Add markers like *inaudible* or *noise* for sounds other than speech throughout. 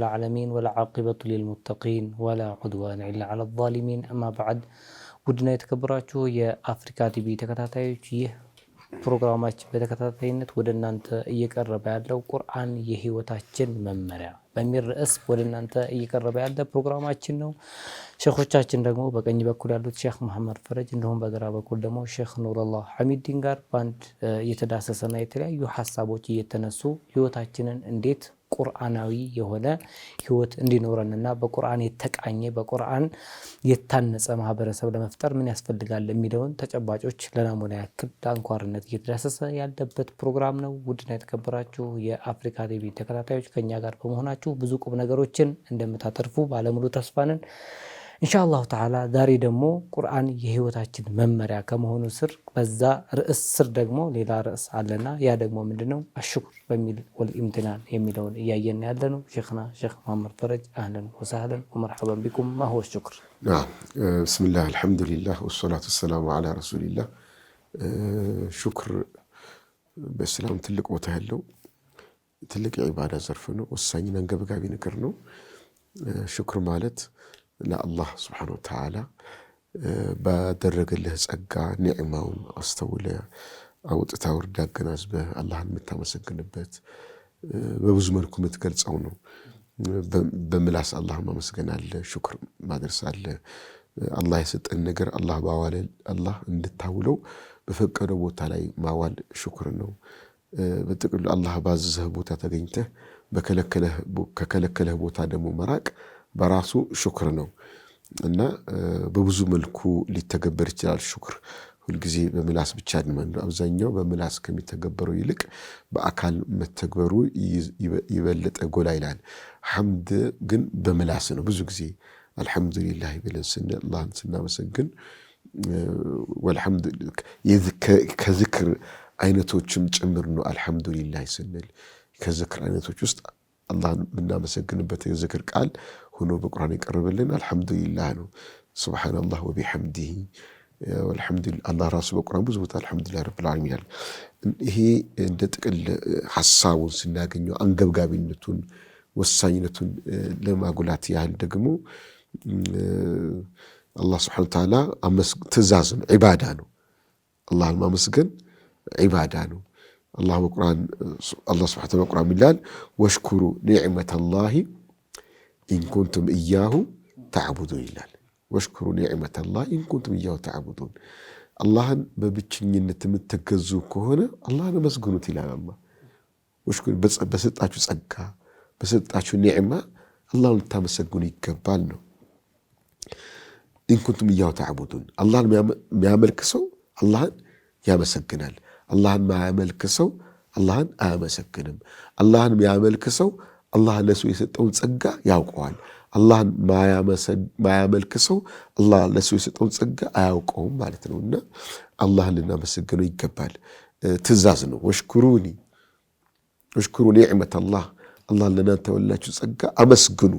ለዓለሚን ወልዓቂበቱ ሊልሙተቂን ወላ ዑድዋን ኢላ ዐለ ዛሊሚን። አማ በዕድ ውድና የተከበራችሁ የአፍሪካ ቲቪ ተከታታዮች ይህ ፕሮግራማችን በተከታታይነት ወደ እናንተ እየቀረበ ያለው ቁርአን የህይወታችን መመሪያ በሚል ርዕስ ወደ እናንተ እየቀረበ ያለ ፕሮግራማችን ነው። ሼኾቻችን ደግሞ በቀኝ በኩል ያሉት ሼክ መሐመድ ፈረጅ፣ እንዲሁም በግራ በኩል ደግሞ ሼክ ኑረላህ ሐሚዲን ጋር በአንድ እየተዳሰሰና የተለያዩ ሀሳቦች እየተነሱ ህይወታችንን እንዴት ቁርአናዊ የሆነ ህይወት እንዲኖረንና በቁርአን የተቃኘ በቁርአን የታነጸ ማህበረሰብ ለመፍጠር ምን ያስፈልጋል የሚለውን ተጨባጮች ለናሙና ያክል ለአንኳርነት እየተዳሰሰ ያለበት ፕሮግራም ነው። ውድና የተከበራችሁ የአፍሪካ ቲቪ ተከታታዮች ከኛ ጋር በመሆናችሁ ብዙ ቁም ነገሮችን እንደምታተርፉ ባለሙሉ ተስፋ ነን። ኢንሻአላሁ ተዓላ ዛሬ ደግሞ ቁርአን የህይወታችን መመሪያ ከመሆኑ ስር በዛ ርዕስ ስር ደግሞ ሌላ ርዕስ አለና ያ ደግሞ ምንድነው? አሽኩር በሚል ወልኢምትናን የሚለውን እያየን ያለ ነው። ሼክና ሼክ መሐመድ ፈረጅ አህለን ወሰህለን ወመርሐበን ቢኩም ማሆ ሽኩር። ብስሚላህ አልሐምዱሊላህ ወሰላቱ ወሰላሙ አላ ረሱሊላህ። ሹክር በእስላም ትልቅ ቦታ ያለው ትልቅ የዒባዳ ዘርፍ ነው። ወሳኝና አንገብጋቢ ነገር ነው። ሽኩር ማለት ለአላህ ስብሓነሁ ወተዓላ ባደረገልህ ጸጋ ኒዕማውን አስተውለ አውጥታ ውርዳ አገናዝበህ አላህን የምታመሰግንበት በብዙ መልኩ የምትገልጸው ነው። በምላስ አላህ ማመስገን አለ፣ ሹክር ማድረስ አለ። አላህ የሰጠን ነገር አላህ ባዋለ አላህ እንድታውለው በፈቀደው ቦታ ላይ ማዋል ሹክር ነው። በጥቅሉ አላህ ባዘዘህ ቦታ ተገኝተህ ከከለከለህ ቦታ ደግሞ መራቅ በራሱ ሹክር ነው እና በብዙ መልኩ ሊተገበር ይችላል። ሹክር ሁልጊዜ በምላስ ብቻ አብዛኛው በምላስ ከሚተገበረው ይልቅ በአካል መተግበሩ ይበለጠ ጎላ ይላል። ሐምድ ግን በምላስ ነው። ብዙ ጊዜ አልሐምዱሊላህ ብለን ስንል አላህን ስናመሰግን ከዝክር አይነቶችም ጭምር ነው። አልሐምዱሊላህ ስንል ከዝክር አይነቶች ውስጥ አላህን የምናመሰግንበት የዝክር ቃል ሆኖ በቁርአን የቀረበልን አልሐምዱሊላህ ነው። ሱብሓነላህ ወቢሐምዲሂ አላህ ራሱ በቁርአን ብዙ ቦታ አልሐምዱሊላህ ረብል ዓለሚን ይላል። ይሄ እንደ ጥቅል ሀሳቡን ስናገኘው አንገብጋቢነቱን ወሳኝነቱን ለማጉላት ያህል ደግሞ አላህ ስብሐነሁ ወተዓላ ትእዛዝ ነው፣ ዒባዳ ነው። አላህን ማመስገን ዒባዳ ነው። አላህ ስብሐነሁ ወተዓላ በቁርአን ይላል ወሽኩሩ ኒዕመተላሂ ኢንኩንቱም እያሁ ተዕቡዱን ይላል። ወሽኩሩ ኒዕመተ ላህ ኢንኩንቱም እያሁ ተዕቡዱን። አላህን በብቸኝነት የምትገዙ ከሆነ አላህን አመስግኑት ይላል። አላ በሰጣችሁ ጸጋ፣ በሰጣችሁ ኒዕማ አላህን ልታመሰግኑ ይገባል ነው። ኢንኩንቱም እያሁ ተዕቡዱን። አላህን የሚያመልክ ሰው አላህን ያመሰግናል። አላህን ማያመልክ ሰው አላህን አያመሰግንም። አላህን የሚያመልክ ሰው አላህ ለሱ የሰጠውን ጸጋ ያውቀዋል። አላህን ማያመልክ ሰው አላህ ለሱ የሰጠውን ጸጋ አያውቀውም ማለት ነው። እና አላህን ልናመሰግነው ይገባል። ትእዛዝ ነው። ወሽኩሩኒ ወሽኩሩ ኒዕመት አላህ አላህን ለእናንተ ወላችሁ ጸጋ አመስግኑ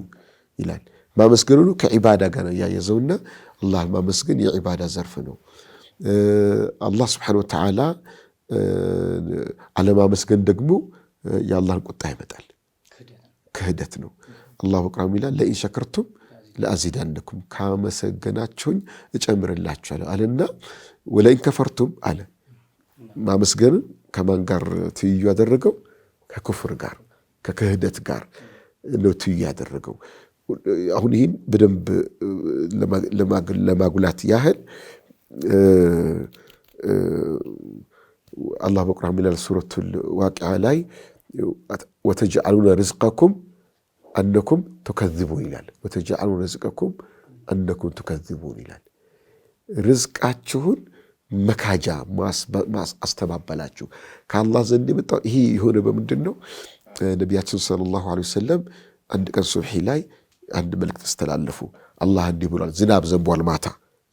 ይላል። ማመስገኑ ከዒባዳ ጋር ነው እያያዘውና አላህን ማመስገን የዒባዳ ዘርፍ ነው። አላህ ስብሓነሁ ወተዓላ አለማመስገን ደግሞ የአላህን ቁጣ ይመጣል። ክህደት ነው። አላሁ አቅራም ይላል ለኢን ሸከርቱም ለአዚዳነኩም ካመሰገናችሁኝ እጨምርላችኋለሁ አለና ወለኢን ከፈርቱም አለ። ማመስገንን ከማን ጋር ትይዩ ያደረገው? ከክፍር ጋር ከክህደት ጋር ነው ትይዩ ያደረገው። አሁን ይህን በደንብ ለማጉላት ያህል አላህ በቁርአን ይላል ሱረቱል ዋቂዓ ላይ ወተጅአሉነ ርዝቀኩም አነኩም ቱከዝቡን ይላል። ወተጃአሉ ረዝቀኩም አነኩም ቱከዝቡን ይላል። ርዝቃችሁን መካጃ አስተባበላችሁ። ከአላህ ዘንድ የመጣው ይሄ የሆነ በምንድን ነው? ነቢያችን ሰለላሁ ዐለይሂ ወሰለም አንድ ቀን ሱብሒ ላይ አንድ መልእክት አስተላለፉ። አላህ እንዲህ ብሏል። ዝናብ ዘንቧል፣ ማታ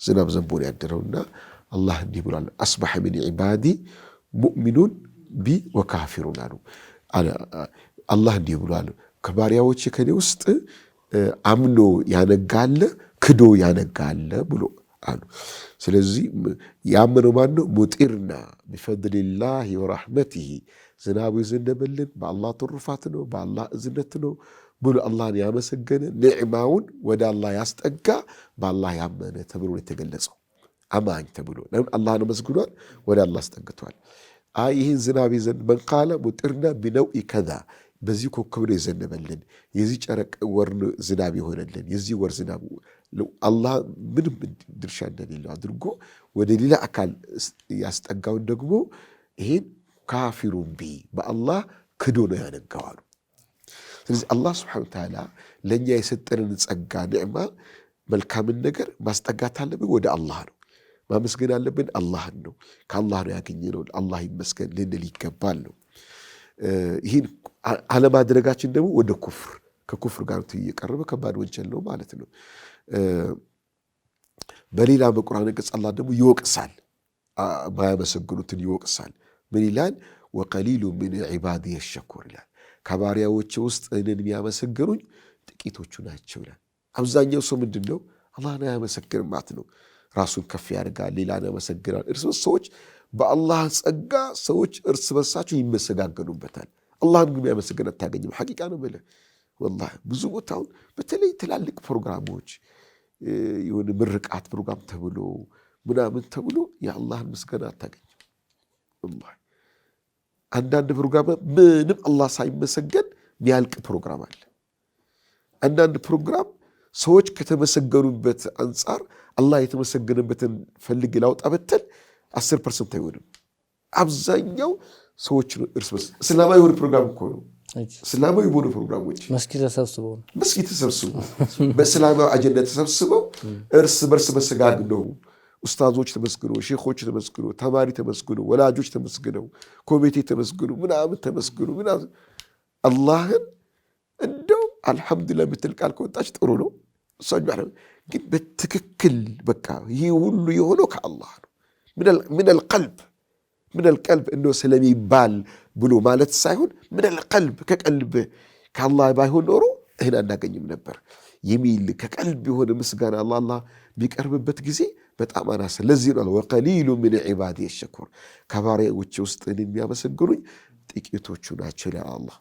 ዝናብ ዘንቦ ያደረውና አላህ እንዲህ ብሏል። አስባሐ ሚን ዒባዲ ሙእሚኑን ቢ ወካፊሩን አሉ። አላህ እንዲህ ብሏል ከባሪያዎች ከኔ ውስጥ አምኖ ያነጋለ ክዶ ያነጋለ ብሎ አሉ። ስለዚህ ያመነው ማን ነው? ሙጢርና ቢፈድልላህ ወራሕመቲሂ ዝናቡ የዘነበልን በአላህ ትሩፋት ነው፣ በአላህ እዝነት ነው ብሎ አላህን ያመሰገነ ኒዕማውን ወደ አላህ ያስጠጋ በአላህ ያመነ ተብሎ የተገለጸው አማኝ ተብሎ ለምን አላህን አመስግኗል፣ ወደ አላህ አስጠግቷል። አይ ይህን ዝናብ ይዘን መንካለ ሙጢርና ቢነውኢ ከዛ በዚህ ኮከብ ነው የዘነበልን፣ የዚህ ጨረቅ ወር ዝናብ የሆነልን፣ የዚህ ወር ዝናብ አላህ ምንም ድርሻ እንደሌለው አድርጎ ወደ ሌላ አካል ያስጠጋውን ደግሞ ይሄን ካፊሩን ቢ በአላህ ክዶ ነው ያነጋዋሉ። ስለዚህ አላህ ስብሐነሁ ተዓላ ለእኛ የሰጠንን ጸጋ ኒዕማ መልካምን ነገር ማስጠጋት አለብን ወደ አላህ ነው ማመስገን አለብን። አላህን ነው ከአላህ ነው ያገኘነው አላህ ይመስገን ልንል ይገባል ነው ይህን አለማድረጋችን ደግሞ ወደ ኩፍር ከኩፍር ጋር እየቀረበ ከባድ ወንጀል ነው ማለት ነው። በሌላ በቁርአን አንቀጽ አላህ ደግሞ ይወቅሳል፣ ማያመሰግኑትን ይወቅሳል። ምን ይላል? ወቀሊሉ ምን ዒባድ የሸኩር ይላል። ከባሪያዎች ውስጥ እኔን የሚያመሰግኑኝ ጥቂቶቹ ናቸው ይላል። አብዛኛው ሰው ምንድን ነው አላህን አያመሰግንም ማለት ነው። ራሱን ከፍ ያደርጋል፣ ሌላን ያመሰግናል። እርስ በርስ ሰዎች በአላህ ጸጋ ሰዎች እርስ በርሳቸው ይመሰጋገኑበታል። አላህን ግን የሚያመሰግን አታገኝም። ሐቂቃ ነው ብለህ ወላ ብዙ ቦታውን በተለይ ትላልቅ ፕሮግራሞች የሆነ ምርቃት ፕሮግራም ተብሎ ምናምን ተብሎ የአላህን ምስገና አታገኝም። አንዳንድ ፕሮግራም ምንም አላህ ሳይመሰገን የሚያልቅ ፕሮግራም አለ። አንዳንድ ፕሮግራም ሰዎች ከተመሰገኑበት አንጻር አላህ የተመሰገነበትን ፈልግ ላውጣ ብትል አስር ፐርሰንት አይሆንም አብዛኛው ሰዎች ነው እርስ በርስ እስላማዊ የሆነ ፕሮግራም እኮ ነው። እስላማዊ በሆኑ ፕሮግራሞች መስጊድ ተሰብስበው መስጊድ ተሰብስበው በእስላማዊ አጀንዳ ተሰብስበው እርስ በርስ መሰጋግ ነው። ኡስታዞች ተመስግኖ፣ ሼኮች ተመስግኖ፣ ተማሪ ተመስግኖ፣ ወላጆች ተመስግነው፣ ኮሚቴ ተመስግኖ፣ ምናምን ተመስግኖ ምናምን አላህን እንደው አልሐምዱላ የምትል ቃል ከወጣች ጥሩ ነው። ግን በትክክል በቃ ይህ ሁሉ የሆነው ከአላህ ነው። ምን አልቀልብ ምነል ቀልብ እንዶ ስለሚባል ብሎ ማለት ሳይሆን ምነል ቀልብ ከቀልብ ከአላህ ባይሆን ኖሮ ይህን አናገኝም ነበር የሚል ከቀልብ የሆነ ምስጋና አላህ ቢቀርብበት ጊዜ በጣም አናሰ። ለዚህ ነው ወቀሊሉ ምን ዒባዲ የሸኩር ከባሪያዎቼ ውስጥ የሚያመሰግኑኝ ጥቂቶቹ ናቸው ይላል አላህ።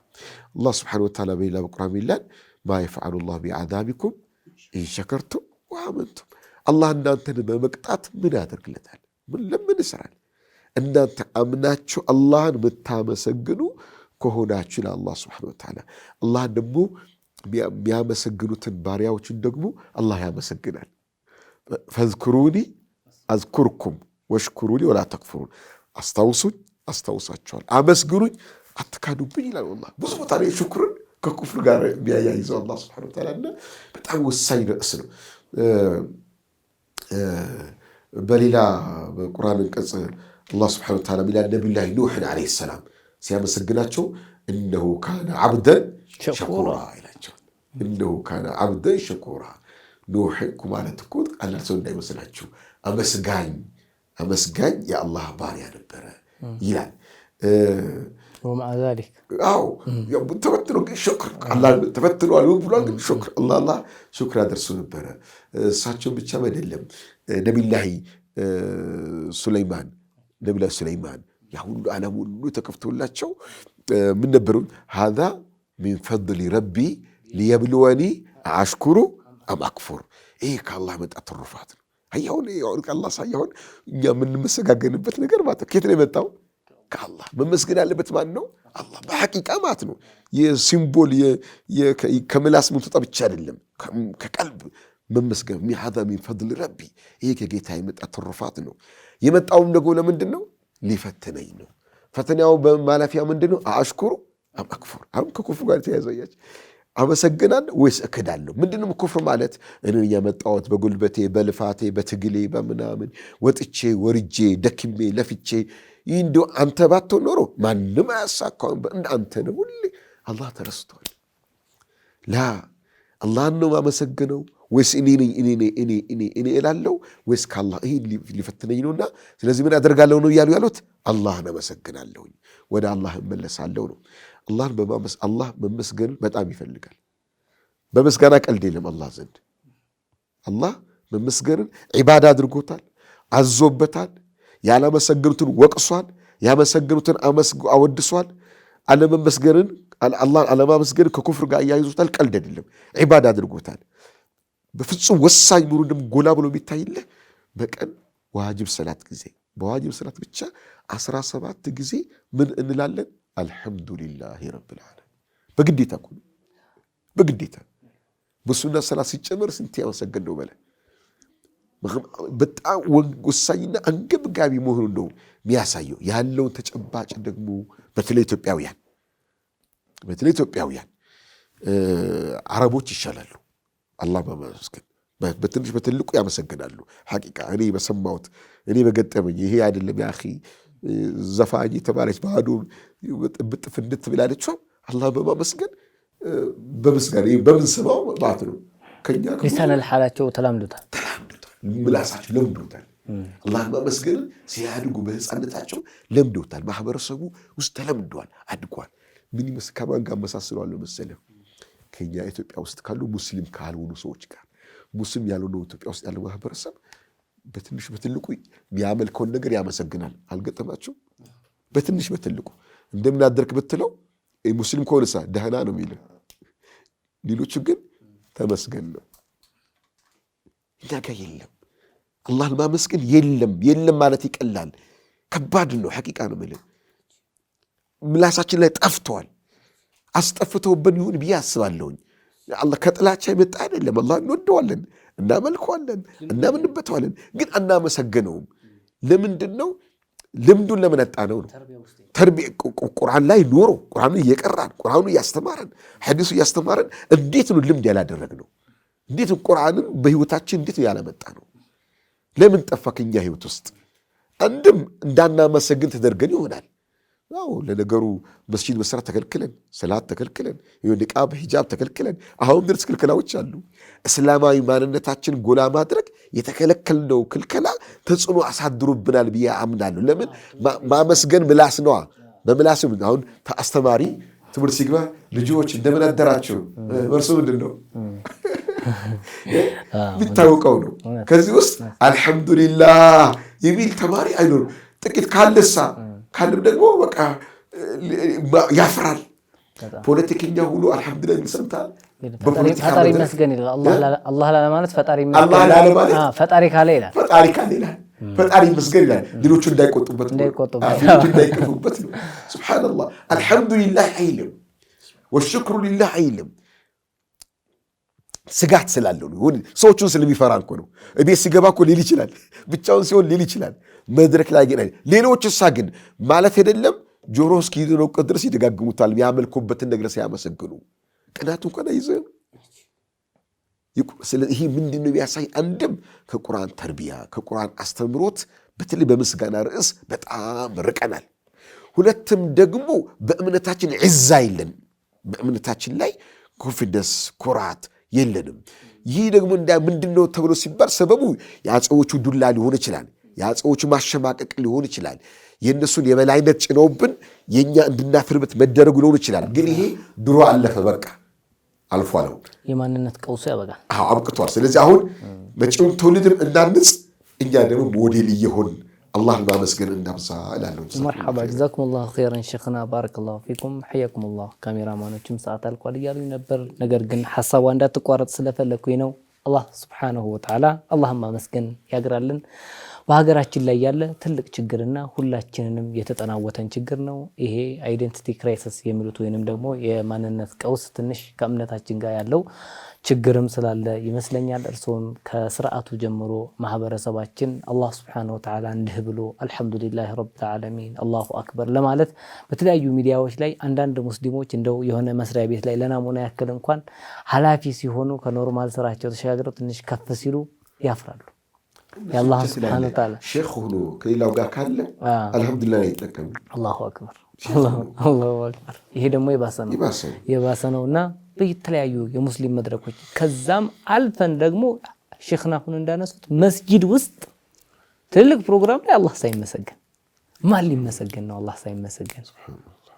አላህ ሱብሓነሁ ወተዓላ በሌላ በቁርአን ይላል ማ የፍዐሉ ላሁ ቢዐዛቢኩም ኢንሸከርቱም ወአመንቱም። አላህ እናንተን በመቅጣት ምን ያደርግለታል? ምን ለምን ይሰራል? እናንተ አምናችሁ አላህን የምታመሰግኑ ከሆናችሁ ይላል አላህ ሱብሓነሁ ወተዓላ። አላህን ደግሞ የሚያመሰግኑትን ባሪያዎችን ደግሞ አላህ ያመሰግናል። ፈዝኩሩኒ አዝኩርኩም ወሽኩሩኒ ወላ ተክፍሩን፣ አስታውሱኝ አስታውሳችኋል፣ አመስግኑኝ አትካዱብኝ ይላል። ወላሂ ብዙ ቦታ ላይ ሽኩርን ከኩፍር ጋር የሚያያይዘው አላህ ሱብሓነሁ ወተዓላ እና በጣም ወሳኝ ርዕስ ነው። በሌላ በቁርአን አንቀጽ አላህ ስብሐነ ወተዓላ ሚላ ነቢዩላህ ኑሕን ዓለይሂ ሰላም ሲያመሰግናቸው እነሆ ካነ ዓብደን ሸኩራ ይላቸዋል። እነሆ ካነ ዓብደን ሸኩራ ኑሕ እኮ ማለት እኮ ቀላል ሰው እንዳይመስላችሁ አመስጋኝ አመስጋኝ የአላህ ባሪያ ነበረ ይላል። አዎ ተፈትኖ ግን ሾክር ተፈትነዋል ብሏል። ግን ሾክር አላህ ሾክር አደርሱ ነበረ። እሳቸውን ብቻ አይደለም ነቢዩላህ ሱለይማን ነቢለ ሱለይማን ያ ሁሉ ዓለም ሁሉ ተከፍቶላቸው ምን ነበሩን? ሃዛ ሚን ፈድሊ ረቢ ሊየብልወኒ አሽኩሩ አም አክፉር። ይህ ከአላህ መጣ ትሩፋት ነው። አያሁን ከአላህ ሳያሆን እኛ የምንመሰጋገንበት ነገር ማለት ኬት ነው የመጣው? ከአላህ መመስገን ያለበት ማን ነው? አላህ በሐቂቃ ማለት ነው። የሲምቦል ከምላስ ምንትወጣ ብቻ አይደለም፣ ከቀልብ መመስገን ሃዛ ሚን ፈድሊ ረቢ። ይህ ከጌታ የመጣ ትሩፋት ነው። የመጣውም ደግሞ ለምንድን ነው? ሊፈትነኝ ነው። ፈተናው በማለፊያ ምንድን ነው? አሽኩሩ አም አክፉር። አሁን ከኩፍር ጋር ተያዘያች አመሰግናል ወይስ እክዳለሁ? ምንድንም ኩፍር ማለት እኔ የመጣሁት በጉልበቴ በልፋቴ በትግሌ በምናምን ወጥቼ ወርጄ ደክሜ ለፍቼ ይህ እንዲሁ አንተ ባትሆን ኖሮ ማንም አያሳካውም። እንደ አንተ ነው። ሁሌ አላህ ተረስቷል። ላ አላህን ነው ማመሰግነው ወይስ እኔ ነኝ እኔ እኔ እኔ እኔ እላለሁ ወይስ ከአላህ ይሄ ሊፈትነኝ እና ስለዚህ ምን አደርጋለሁ ነው እያሉ ያሉት። አላህን አመሰግናለሁኝ ወደ አላህ እመለሳለሁ ነው። አላህን በማመስ አላህ መመስገን በጣም ይፈልጋል። በምስጋና ቀልድ የለም አላህ ዘንድ። አላህ መመስገንን ዒባዳ አድርጎታል፣ አዞበታል። ያላመሰገኑትን ወቅሷል፣ ያመሰገኑትን አወድሷል። አለመመስገንን አላህን አለማመስገን ከኩፍር ጋር እያይዞታል። ቀልድ አይደለም፣ ዒባዳ አድርጎታል። በፍጹም ወሳኝ ምሩ ደግሞ ጎላ ብሎ የሚታይልህ በቀን ዋጅብ ሰላት ጊዜ በዋጅብ ሰላት ብቻ አስራ ሰባት ጊዜ ምን እንላለን? አልሐምዱሊላህ ረብል ዓለሚን። በግዴታ እኮ በግዴታ በሱና ሰላት ሲጨመር ስንት ያመሰገን ነው በለ በጣም ወሳኝና አንገብጋቢ መሆኑን ነው የሚያሳየው። ያለውን ተጨባጭ ደግሞ በተለይ ኢትዮጵያውያን በተለይ ኢትዮጵያውያን አረቦች ይሻላሉ። አላህ በማመስገን በትንሽ በትልቁ ያመሰግናሉ። ሐቂቃ እኔ በሰማሁት እኔ በገጠመኝ ይሄ አይደለም ያ ዘፋኝ የተባለች ባዶ ብጥፍ እንድት ብላለችው አላህ በማመስገን በምስጋና በምንስማው ማለት ነው። ከኛ ሊሳነል ሐላቸው ተላምዱታል ምላሳቸው ለምዱታል። አላህ ማመስገን ሲያድጉ በህፃነታቸው ለምዶታል። ማህበረሰቡ ውስጥ ተለምዷል፣ አድጓል። ምን ከማን ጋር መሳስለዋለሁ መሰለህ ከኛ ኢትዮጵያ ውስጥ ካሉ ሙስሊም ካልሆኑ ሰዎች ጋር ሙስሊም ያልሆነው ኢትዮጵያ ውስጥ ያለው ማህበረሰብ በትንሽ በትልቁ የሚያመልከውን ነገር ያመሰግናል። አልገጠማችሁ በትንሽ በትልቁ እንደምን አደርክ ብትለው ሙስሊም ከሆነሳ ደህና ነው የሚል፣ ሌሎቹ ግን ተመስገን ነው። እኛ ጋር የለም። አላህን ማመስገን የለም። የለም ማለት ይቀላል፣ ከባድ ነው። ሐቂቃ ነው የምልህ። ምላሳችን ላይ ጠፍተዋል። አስጠፍተውብን ይሁን ብዬ አስባለሁኝ። ከጥላቻ የመጣ አይደለም። አላህ እንወደዋለን፣ እናመልከዋለን፣ እናምንበተዋለን፣ ግን አናመሰግነውም። ለምንድን ነው? ልምዱን ለመነጣ ነው ነው። ቁርአን ላይ ኖሮ ቁርአኑ እየቀራን ቁርአኑ እያስተማረን ሐዲሱ እያስተማረን እንዴት ነው ልምድ ነው? እንዴት ቁርአንን በህይወታችን እንዴት ያላመጣ ነው? ለምን ጠፋ ከኛ ህይወት ውስጥ? አንድም እንዳናመሰግን ተደርገን ይሆናል ያው ለነገሩ መስጂድ መሰራት ተከልክለን፣ ሰላት ተከልክለን፣ ኒቃብ ሂጃብ ተከልክለን፣ አሁን ድረስ ክልከላዎች አሉ። እስላማዊ ማንነታችን ጎላ ማድረግ የተከለከልነው ክልከላ ተጽዕኖ አሳድሮብናል ብዬ አምናለሁ። ለምን ማመስገን ምላስ ነዋ። በምላስ አሁን አስተማሪ ትምህርት ሲግባ ልጆች እንደምን አደራቸው፣ እርሱ ምንድን ነው የሚታወቀው ነው። ከዚህ ውስጥ አልሐምዱሊላህ የሚል ተማሪ አይኖርም። ጥቂት ካለሳ ካለም ደግሞ በቃ ያፍራል። ፖለቲከኛ ሁሉ አልሐምዱሊላህ ይሰምታል። ፈጣሪ ይመስገን ይላል። አላህ ላለማለት ፈጣሪ ካለ ይላል። ፈጣሪ ካለ ይላል። ፈጣሪ ይመስገን ይላል። ሌሎቹ እንዳይቆጡበት እንዳይቀጡበት ነው። ሱብሓነላህ አልሐምዱሊላህ አይልም፣ ወሽክሩ ሊላህ አይልም። ስጋት ስላለው ሰዎቹን ስለሚፈራ እኮ ነው። እቤት ሲገባ እኮ ሊል ይችላል፣ ብቻውን ሲሆን ሊል ይችላል። መድረክ ላይ ግን ሌሎች እሳ ግን ማለት አይደለም ጆሮ እስኪደነቁት ድረስ ይደጋግሙታል። ያመልኩበትን ነገር ሲያመሰግኑ ቅናቱ እንኳን አይዘም። ይህ ምንድን ነው የሚያሳይ? አንድም ከቁርአን ተርቢያ ከቁርአን አስተምሮት በተለይ በምስጋና ርዕስ በጣም ርቀናል። ሁለትም ደግሞ በእምነታችን ዕዛ የለን። በእምነታችን ላይ ኮንፊደንስ ኩራት የለንም። ይህ ደግሞ ምንድን ነው ተብሎ ሲባል ሰበቡ የአፄዎቹ ዱላ ሊሆን ይችላል። የአጼዎቹ ማሸማቀቅ ሊሆን ይችላል። የእነሱን የበላይነት ጭነውብን የእኛ እንድናፍርበት መደረጉ ሊሆን ይችላል። ግን ይሄ ድሮ አለፈ፣ በቃ አልፏል። አሁን የማንነት ቀውሱ ያበቃል፣ አብቅቷል። ስለዚህ አሁን መጪውን ትውልድም እናንጽ፣ እኛ ደግሞ ሞዴል እየሆን አላህን ማመስገን እናብዛ እላለሁ። መርሓባ ጀዛኩሙላሁ ኸይረን ሼኽና ባረከላሁ ፊኩም ሐያኩሙላህ። ካሜራማኖችም ሰዓት አልቋል እያሉኝ ነበር፣ ነገር ግን ሐሳቧ እንዳትቋረጥ ስለፈለግኩኝ ነው። አላህ ስብሓነሁ ወተዓላ አላህን ማመስገን ያግራልን። በሀገራችን ላይ ያለ ትልቅ ችግርና ሁላችንንም የተጠናወተን ችግር ነው። ይሄ አይዴንቲቲ ክራይሲስ የሚሉት ወይንም ደግሞ የማንነት ቀውስ ትንሽ ከእምነታችን ጋር ያለው ችግርም ስላለ ይመስለኛል። እርስዎም ከስርዓቱ ጀምሮ ማህበረሰባችን አላህ ስብሓነሁ ወተዓላ እንድህ ብሎ አልሐምዱሊላህ ረብል ዓለሚን አላሁ አክበር ለማለት በተለያዩ ሚዲያዎች ላይ አንዳንድ ሙስሊሞች እንደው የሆነ መስሪያ ቤት ላይ ለናሙና ያክል እንኳን ኃላፊ ሲሆኑ ከኖርማል ስራቸው ተሸጋግረው ትንሽ ከፍ ሲሉ ያፍራሉ። የአላህ ስብሐነ ወተዓላ ሼክ ሆኖ ከሌላው ጋር ካለ አልሐምዱሊላህ ይጠቀም። አላሁ አክበር አላሁ አክበር። ይሄ ደግሞ የባሰ ነው የባሰ ነው እና በተለያዩ የሙስሊም መድረኮች ከዛም አልፈን ደግሞ ሼክና ሁን እንዳነሱት መስጂድ ውስጥ ትልቅ ፕሮግራም ላይ አላህ ሳይመሰገን ማን ሊመሰገን ነው? አላህ ሳይመሰገን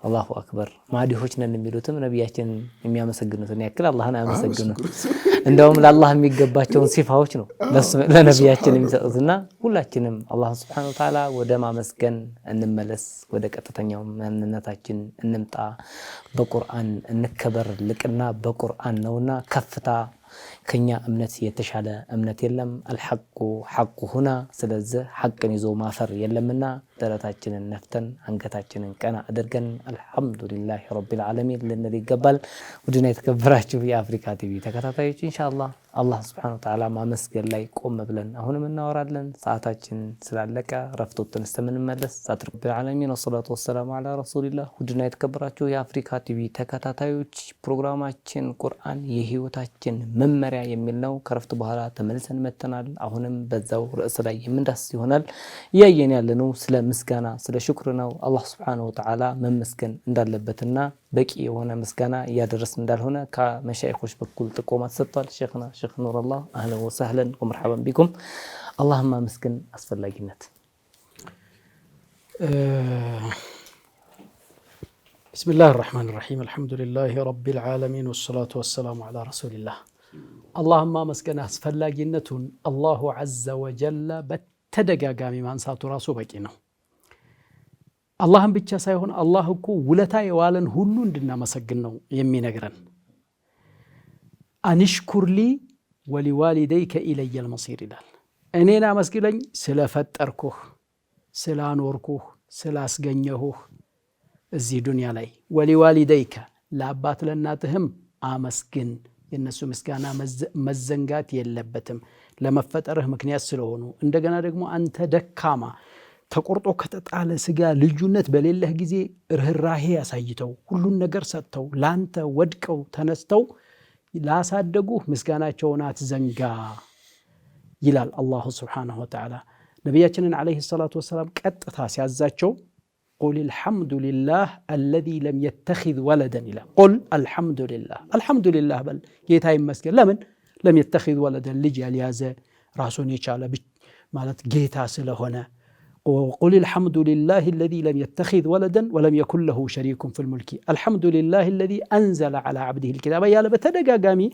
አላሁ አክበር ማዲሆች ነን የሚሉትም ነቢያችን የሚያመሰግኑትን ያክል አላህን አያመሰግኑ። እንደውም ለአላህ የሚገባቸውን ሲፋዎች ነው ለነቢያችን የሚሰጡትና ሁላችንም አላህን ስብሐነሁ ወተዓላ ወደ ማመስገን እንመለስ፣ ወደ ቀጥተኛው ማንነታችን እንምጣ፣ በቁርአን እንከበር። ልቅና በቁርአን ነውና ከፍታ ከኛ እምነት የተሻለ እምነት የለም። አልሐቁ ሐቁ ሁና። ስለዚህ ሐቅን ይዞ ማፈር የለምና ደረታችንን ነፍተን አንገታችንን ቀና አድርገን አልሐምዱሊላህ ረቢል ዓለሚን ልንል ይገባል። ውድና የተከበራችሁ የአፍሪካ ቲቪ ተከታታዮች እንሻላ አላህ ስብሐነሁ ወተዓላ ማመስገን ላይ ቆም ብለን አሁንም እናወራለን። ሰዓታችን ስላለቀ ረፍቶትን እስከምንመለስ ዛት ረቢል ዓለሚን ወሰላቱ ወሰላሙ ዓላ ረሱሊላህ። ውድና የተከበራችሁ የአፍሪካ ቲቪ ተከታታዮች ፕሮግራማችን ቁርአን የህይወታችን መመሪያ የሚል ነው። ከረፍት በኋላ ተመልሰን መተናል። አሁንም በዛው ርዕስ ላይ የምንዳስስ ይሆናል። እያየን ያለነው ስለ ምስጋና ስለ ሽኩር ነው አላህ ስብሓነሁ ወተዓላ መመስገን እንዳለበትና በቂ የሆነ ምስጋና እያደረስን እንዳልሆነ ከመሻይኮች በኩል ጥቆማ ተሰጥቷል። ሼክና ሸክ ኑረላ አህለን ወሳህለን ወመርሐበን ቢኩም። አላህን ማመስገን አስፈላጊነት ቢስሚላህ ራሕማን ራሒም አልሐምዱሊላህ ረቢል ዓለሚን ወሰላቱ ወሰላሙ ዓላ ረሱሊላህ። አላህን ማመስገን አስፈላጊነቱን አላሁ ዐዘ ወጀለ በተደጋጋሚ ማንሳቱ ራሱ በቂ ነው። አላህን ብቻ ሳይሆን አላህ እኮ ውለታ የዋለን ሁሉ እንድናመሰግን ነው የሚነግረን። አንሽኩርሊ ወሊዋሊደይከ ኢለየል መሲር ይላል። እኔን አመስግለኝ ስለፈጠርኩህ፣ ስላኖርኩህ፣ ስላስገኘሁህ እዚህ ዱንያ ላይ ወሊዋሊደይከ ለአባት ለእናትህም አመስግን። የእነሱ ምስጋና መዘንጋት የለበትም ለመፈጠርህ ምክንያት ስለሆኑ። እንደገና ደግሞ አንተ ደካማ ተቆርጦ ከተጣለ ስጋ ልዩነት በሌለህ ጊዜ ርኅራሄ አሳይተው ሁሉን ነገር ሰጥተው ላንተ ወድቀው ተነስተው ላሳደጉህ ምስጋናቸውን አትዘንጋ ይላል አላሁ ስብሓነሁ ወተዓላ። ነቢያችንን ዓለይሂ ሰላቱ ወሰላም ቀጥታ ሲያዛቸው ቁል አልሐምዱሊላህ አለዚ ለም የተኺዝ ወለደን ይላል። ቁል አልሐምዱሊላህ አልሐምዱሊላህ በል ጌታ ይመስገን። ለምን ለም የተኺዝ ወለደን ልጅ ያልያዘ ራሱን የቻለ ማለት ጌታ ስለሆነ وقل الحمد لله الذي لم يتخذ ولدا ولم يكن له شريك في الملك الحمد لله الذي أنزل على عبده الكتاب يا لبتدقى قامي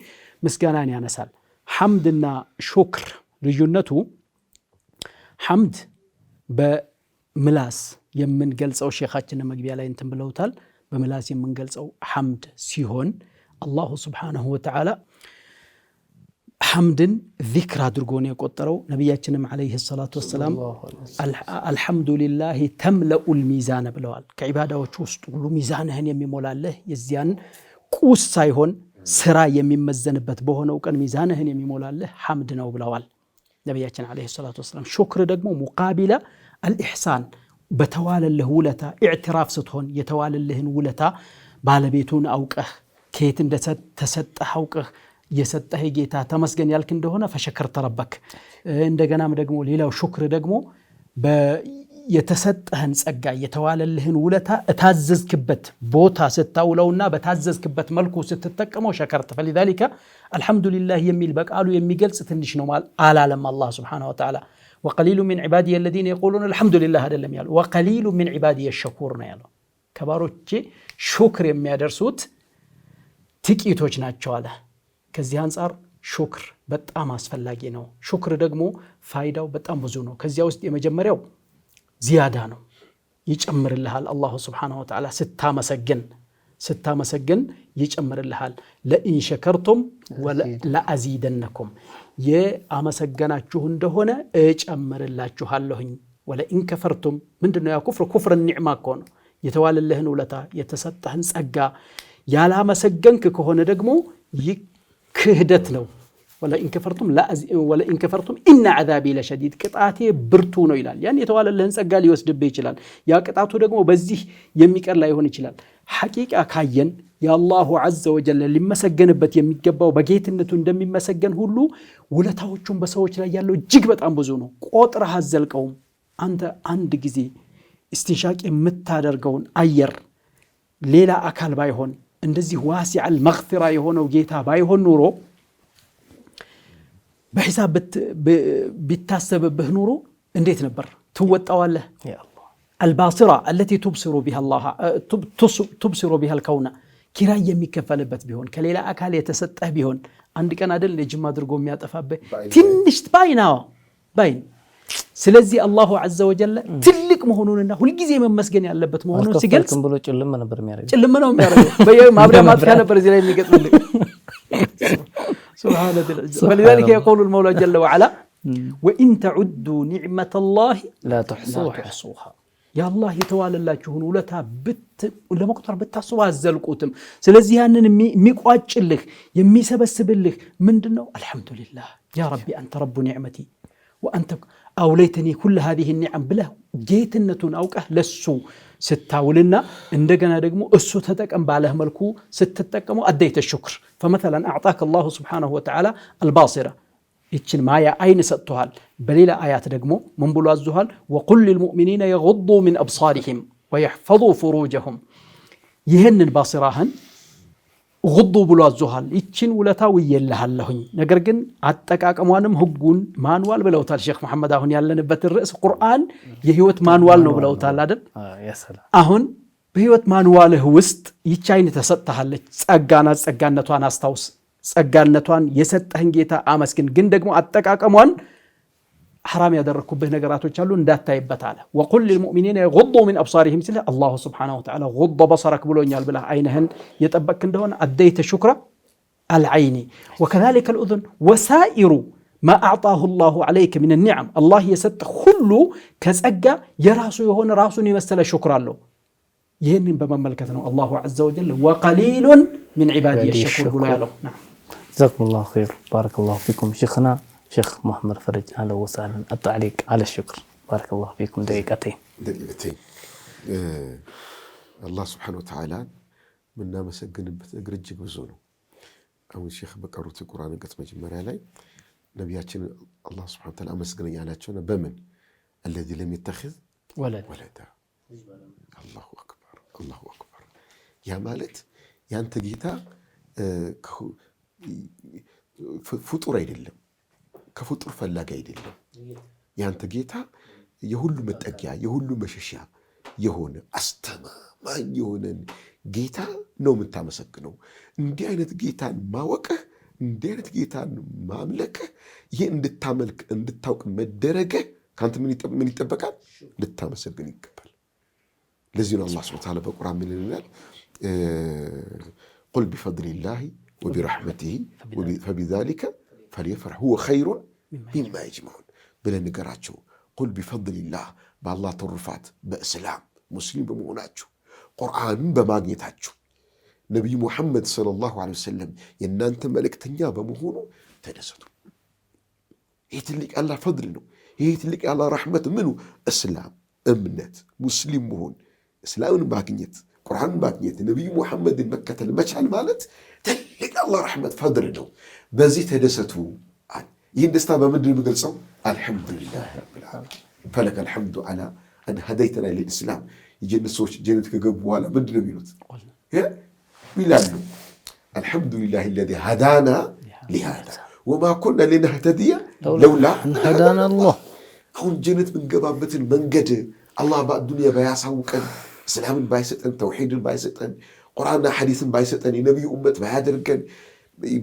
مسكناني أنا سال حمدنا شكر لجنته حمد بملاس يمن قلس أو شيخات شيخاتنا مقبيا لا ينتم بلوتال بملاس يمن قلس أو حمد سيهون الله سبحانه وتعالى ሐምድን ዚክር አድርጎ ነው የቆጠረው። ነቢያችንም ዓለይህ ሰላቱ ወሰላም አልሐምዱሊላህ ተምለኡል ሚዛነ ብለዋል። ከዒባዳዎች ውስጥ ሁሉ ሚዛንህን የሚሞላለህ የዚያን ቁስ ሳይሆን ስራ የሚመዘንበት በሆነው ቀን ሚዛንህን የሚሞላለህ ሐምድ ነው ብለዋል ነቢያችን ዓለይህ ሰላቱ ወሰላም። ሹክር ደግሞ ሙቃቢለ አልኢሕሳን በተዋለልህ ውለታ ኢዕትራፍ ስትሆን የተዋለልህን ውለታ ባለቤቱን አውቀህ ከየት እንደተሰጠህ አውቀህ የሰጠህ ጌታ ተመስገን ያልክ እንደሆነ ፈሸከርተ ረበክ። እንደገናም ደግሞ ሌላው ሹክር ደግሞ የተሰጠህን ጸጋ የተዋለልህን ውለታ እታዘዝክበት ቦታ ስታውለውና በታዘዝክበት መልኩ ስትጠቀመው ሸከርት። ፈሊዛሊከ አልሐምዱሊላህ የሚል በቃሉ የሚገልጽ ትንሽ ነው አላለም አላህ ሱብሓነሁ ወተዓላ። ወቀሊሉ ሚን ዒባዲየ አለዚነ የቁሉን አልሐምዱሊላህ አይደለም ያለው፣ ወቀሊሉ ሚን ዒባዲየ ሸኩር ነው ያለው። ከባሮቼ ሹክር የሚያደርሱት ጥቂቶች ናቸው አለ። ከዚህ አንጻር ሹክር በጣም አስፈላጊ ነው። ሹክር ደግሞ ፋይዳው በጣም ብዙ ነው። ከዚያ ውስጥ የመጀመሪያው ዚያዳ ነው፣ ይጨምርልሃል። አላሁ ስብሓነሁ ወተዓላ ስታመሰግን ስታመሰግን ይጨምርልሃል። ለኢን ሸከርቱም ለአዚደነኩም የአመሰገናችሁ እንደሆነ እጨምርላችኋለሁኝ። ወለኢን ከፈርቱም ምንድን ነው ያ ኩፍር? ኩፍር ኒዕማ እኮ ነው፣ የተዋለልህን ውለታ የተሰጠህን ጸጋ። ያላመሰገንክ ከሆነ ደግሞ ክህደት ነው። ወለኢን ከፈርቱም ኢነ ዓዛቢ ለሸዲድ ቅጣቴ ብርቱ ነው ይላል። ያን የተዋለልህን ጸጋ ሊወስድብህ ይችላል። ያ ቅጣቱ ደግሞ በዚህ የሚቀር ላይሆን ይችላል። ሐቂቃ ካየን የአላሁ ዐዘ ወጀል ሊመሰገንበት የሚገባው በጌትነቱ እንደሚመሰገን ሁሉ ውለታዎቹን በሰዎች ላይ ያለው እጅግ በጣም ብዙ ነው። ቆጥረህ አዘልቀውም። አንተ አንድ ጊዜ ኢስቲንሻቅ የምታደርገውን አየር ሌላ አካል ባይሆን እንደዚህ ዋሲዐል መግፊራ የሆነው ጌታ ባይሆን ኑሮ በሂሳብ ቢታሰብብህ ኑሮ እንዴት ነበር ትወጣዋለህ? አልባሲራ አለቲ ቱብሲሩ ቢሃ ልከውና ኪራይ የሚከፈልበት ቢሆን ከሌላ አካል የተሰጠህ ቢሆን አንድ ቀን አይደል ጅም አድርጎ የሚያጠፋብህ ትንሽ ባይና ባይን ስለዚህ አላሁ ዐዘ ወጀለ ትልቅ መሆኑንና ሁልጊዜ መመስገን ያለበት መሆኑን ሲገልጽ ጭልም ነበር የሚያደርገው ጭልም ነው የሚያደርገው ማብሪያ ማጥፊያ ነበር እዚህ ላይ የሚገጥምልህ ፈሊዛሊከ የቆሉ ልመውላ ጀለ ወዐላ ወኢን ተዑዱ ኒዕመተ ላሂ ላቱሕሱሃ የአላህ የተዋለላችሁን ውለታ ለመቁጠር ብታስቡ አዘልቁትም። ስለዚህ ያንን የሚቋጭልህ የሚሰበስብልህ ምንድን ነው? አልሐምዱሊላህ ያ ረቢ አንተ ረቡ ኒዕመቲ ወአንተ አውለይተኒ ኩለ ሀዚህ ኒዓም ብለህ ጌትነቱን አውቀህ ለሱ ስታውልና እንደገና ደግሞ እሱ ተጠቀም ባለህ መልኩ ስትጠቀሙ አደይተ ሽኩር ፈመተላን አዕጣከ አላሁ ስብሓነሁ ወተዓላ አልባሲራ ይችን ማያ አይን ሰጥቶሃል። በሌላ አያት ደግሞ ምን ብሎ አዙሃል? ወቁል ልልሙእሚኒነ የጉዱ ምን አብሳሪሂም ወየሕፈዙ ፍሩጀሁም ይህንን ባሲራህን ጉዱ ብሎ አዞሃል። ይችን ውለታ ውየልሃለሁኝ። ነገር ግን አጠቃቀሟንም ህጉን ማንዋል ብለውታል ሼክ መሐመድ። አሁን ያለንበትን ርዕስ ቁርአን የህይወት ማንዋል ነው ብለውታል አይደል? አሁን በህይወት ማንዋልህ ውስጥ ይቺ አይን ተሰጥተሃለች። ጸጋና ጸጋነቷን አስታውስ። ጸጋነቷን የሰጠህን ጌታ አመስግን። ግን ደግሞ አጠቃቀሟን ሐራም ያደረግኩብህ ነገራቶች አሉ እንዳታይበት አለ። ወቁል ልልሙእሚኒን የጉዱ ሚን አብሳሪህም ሲል አላሁ ስብሓነሁ ወተዓላ ጉደ በሰረክ ብሎኛል ብለህ ዓይንህን የጠበቅክ እንደሆነ አደይተ ሹክረ አልዓይኒ ወከዛሊከ ልኡዝን ወሳኢሩ ማ አዕጣሁ ላሁ ዓለይከ ምን ኒዕም አላህ የሰጠ ሁሉ ከጸጋ የራሱ የሆነ ራሱን የመሰለ ሹክር አለው። ይህንን በመመልከት ነው አላሁ ዐዘ ወጀል ወቀሊሉን ሚን ዒባዲ የሸኩር ብሎ ያለው። ጀዛኩም ኸይር ባረከ ፊኩም ሼኽና شيخ محمد فرج اهلا وسهلا التعليق على الشكر بارك الله فيكم دقيقتين دقيقتين آه الله سبحانه وتعالى من منا مسجن بتجرجك بزونه او الشيخ بقروت القران قد ما جمر علي نبياتنا الله سبحانه وتعالى مسجن يعلاتنا بمن الذي لم يتخذ ولد ولدا الله اكبر الله اكبر يا مالت يا انت جيتا آه فطور አይደለም ከፍጡር ፈላጊ አይደለም። ያንተ ጌታ የሁሉ መጠጊያ የሁሉ መሸሻ የሆነ አስተማማኝ የሆነን ጌታ ነው የምታመሰግነው። እንዲህ አይነት ጌታን ማወቅህ እንዲህ አይነት ጌታን ማምለክህ ይህ እንድታመልክ እንድታውቅ መደረገ ከአንተ ምን ይጠበቃል? እንድታመሰግን ይገባል። ለዚህ ነው አላህ ሱብሓነሁ ወተዓላ በቁርአን ምን ይላል? ቁል ቢፈድሊላሂ ወቢረሕመቲሂ ፈቢዛሊከ ፈልየፍረሕ ሁወ ኸይሩን ሚማ የጅመዑን ብለህ ንገራቸው። ቁል ቢፈድሊላህ በአላህ ትሩፋት በእስላም ሙስሊም በመሆናችሁ ቁርአንን በማግኘታችሁ ነቢይ ሙሐመድ ሰለላሁ ዐለይሂ ወሰለም የእናንተ መልእክተኛ በመሆኑ ተደሰቱ። ይህ ትልቅ ያላ ፈድል ነው። ይህ ትልቅ ያላ ረሕመት ምኑ እስላም እምነት ሙስሊም መሆን እስላምን ማግኘት ቁርአንን ማግኘት ነቢይ ሙሐመድን መከተል መቻል ማለት የአላህ ረሕመት ፈድል ነው። በዚህ ተደሰቱ። ይህን ደስታ በምንድን የምገልጸው? አልሐምዱሊላህ ረቢል ዓለሚን ፈለከ አልሐምዱ ዓላ አን ሀደይተና ልልእስላም። የጀነት ሰዎች ጀነት ከገቡ በኋላ ምንድን ነው የሚሉት? ይላሉ አልሐምዱሊላህ ለዚ ሀዳና ሊሃዳ ወማ ኩና ልናህተድያ ለውላ ሀዳና አላህ። አሁን ጀነት ምንገባበትን መንገድ አላህ በአዱንያ ባያሳውቀን፣ እስላምን ባይሰጠን፣ ተውሒድን ባይሰጠን ቁርአንና ሐዲስን ባይሰጠን የነቢዩ እመት ባያደርገን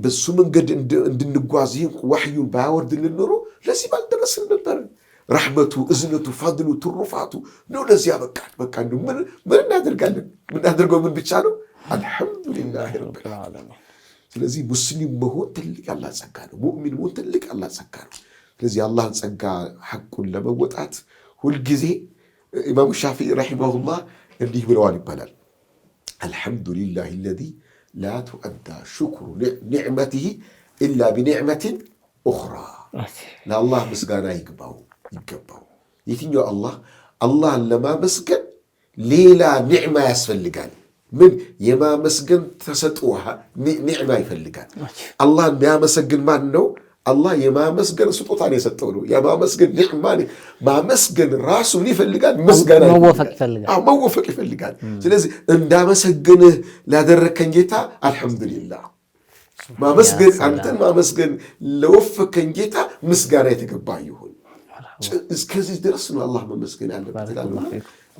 በሱ መንገድ እንድንጓዝ ይህን ዋሕዩን ባያወርድልን ኖሮ ለዚህ ባልደረስን ነበር። ራሕመቱ፣ እዝነቱ፣ ፋድሉ፣ ትሩፋቱ ነው ለዚህ ያበቃል። በቃ ምን እናደርጋለን? ምናደርገው ምን ብቻ ነው? አልሐምዱሊላህ ረብል ስለዚህ ሙስሊም መሆን ትልቅ ያላህ ጸጋ ነው። ሙእሚን መሆን ትልቅ አላ ጸጋ ነው። ስለዚህ አላህን ጸጋ ሐቁን ለመወጣት ሁልጊዜ ኢማሙ ሻፊዒ ረሒማሁላህ እንዲህ ብለዋል ይባላል አልሐምዱሊላህ ለዚ ላ ቱአዳ ሽኩሩ ኒዕመትህ ኢላ ቢኒዕመትን ኡኽራ። ለአላህ ምስጋና ይግባው ይገባው። የትኛው አላህ አላህን ለማመስገን ሌላ ኒዕማ ያስፈልጋል። ምን የማመስገን ተሰጥኦ ኒዕማ ይፈልጋል። አላህን የሚያመሰግን ማን ነው? አላህ የማመስገን ስጦታን የሰጠው ነው። የማመስገን ኒዕማን ማመስገን ራሱ ምን ይፈልጋል? ምስጋና መወፈቅ ይፈልጋል። ስለዚህ እንዳመሰግንህ ላደረከኝ ጌታ አልሐምዱሊላህ ማመስገን አንተን ማመስገን ለወፈከኝ ጌታ ምስጋና የተገባ ይሁን። እስከዚህ ድረስ ነው አላህ መመስገን ያለበት።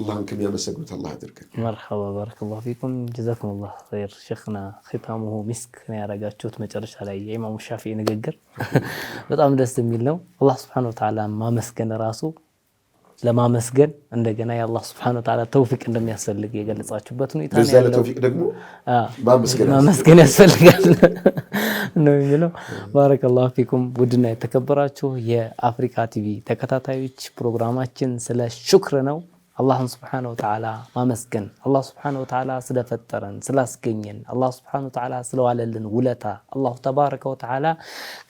አላህን ከሚያመሰግኑት አላህ አድርገን። መርሐባ ባረከላሁ ፊኩም ጀዛኩሙላህ ኸይር። ሸይኽና ኺታሙሁ ሚስክ ነው ያደረጋችሁት። መጨረሻ ላይ የኢማሙ ሻፊዒ ንግግር በጣም ደስ የሚል ነው። አላህ ስብሐነሁ ወተዓላ ማመስገን ራሱ ለማመስገን እንደገና የአላህ ስብሐነሁ ወተዓላ ተውፊቅ እንደሚያስፈልግ የገለጻችሁበት ሁኔታ ተውፊቅ ደግሞ ማመስገን ያስፈልጋል *laughs* ነው የሚለው። ባረከላሁ ፊኩም ውድና የተከበራችሁ የአፍሪካ ቲቪ ተከታታዮች ፕሮግራማችን ስለ ሹክር ነው። አላህን ስብሓነሁ ወተዓላ ማመስገን አላህ ስብሓነሁ ወተዓላ ስለፈጠረን ስላስገኘን፣ አላህ ስብሓነሁ ወተዓላ ስለዋለልን ውለታ አላሁ ተባረከ ወተዓላ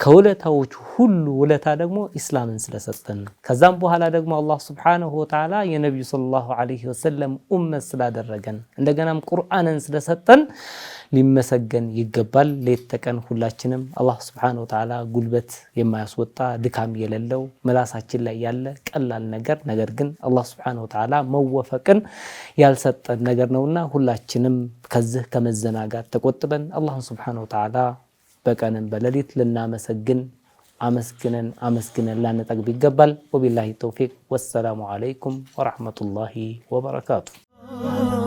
ከውለታዎች ሁሉ ውለታ ደግሞ ኢስላምን ስለሰጠን ከዛም በኋላ ደግሞ አላህ ስብሓነሁ ወተዓላ የነቢዩ ሰለላሁ ዓለይሂ ወሰለም ኡመት ስላደረገን እንደገናም ቁርአንን ስለሰጠን ሊመሰገን ይገባል። ሌት ተቀን ሁላችንም አላህ ስብሓነሁ ወተዓላ ጉልበት የማያስወጣ ድካም የሌለው ምላሳችን ላይ ያለ ቀላል ነገር ነገር ግን አላህ ስብሓነሁ ወተዓላ መወፈቅን ያልሰጠን ነገር ነውና ሁላችንም ከዚህ ከመዘናጋት ተቆጥበን አላህን ስብሓነሁ ወተዓላ በቀንን በሌሊት ልናመሰግን አመስግነን አመስግነን ላንጠግብ ይገባል። ወቢላሂ ተውፊቅ። ወሰላሙ ዓለይኩም ወረሕመቱላሂ ወበረካቱ።